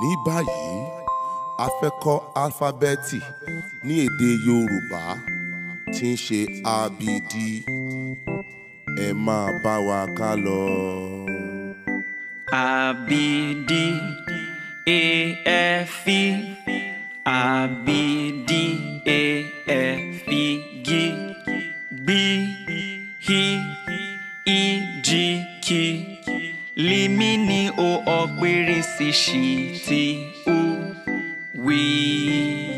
ní báyìí a fẹ́ kọ́ álífábẹ́ẹ̀tì ní èdè yorùbá tí ń ṣe abd ẹ máa bá wa ká lọ. abd af e, abd af e, gi gbi hi ijiki limini o okpirisi shi ti o wi.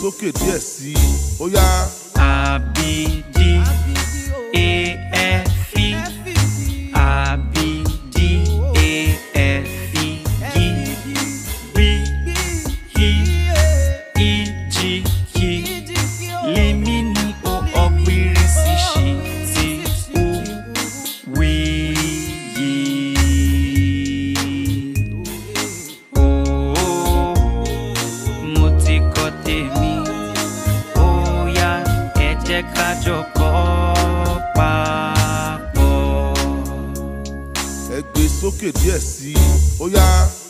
sókè díẹ̀ sí i ó yá. àbídí afi àbídí afi yí bí yí ìjì. E sókè díẹ̀ sí i ó yá.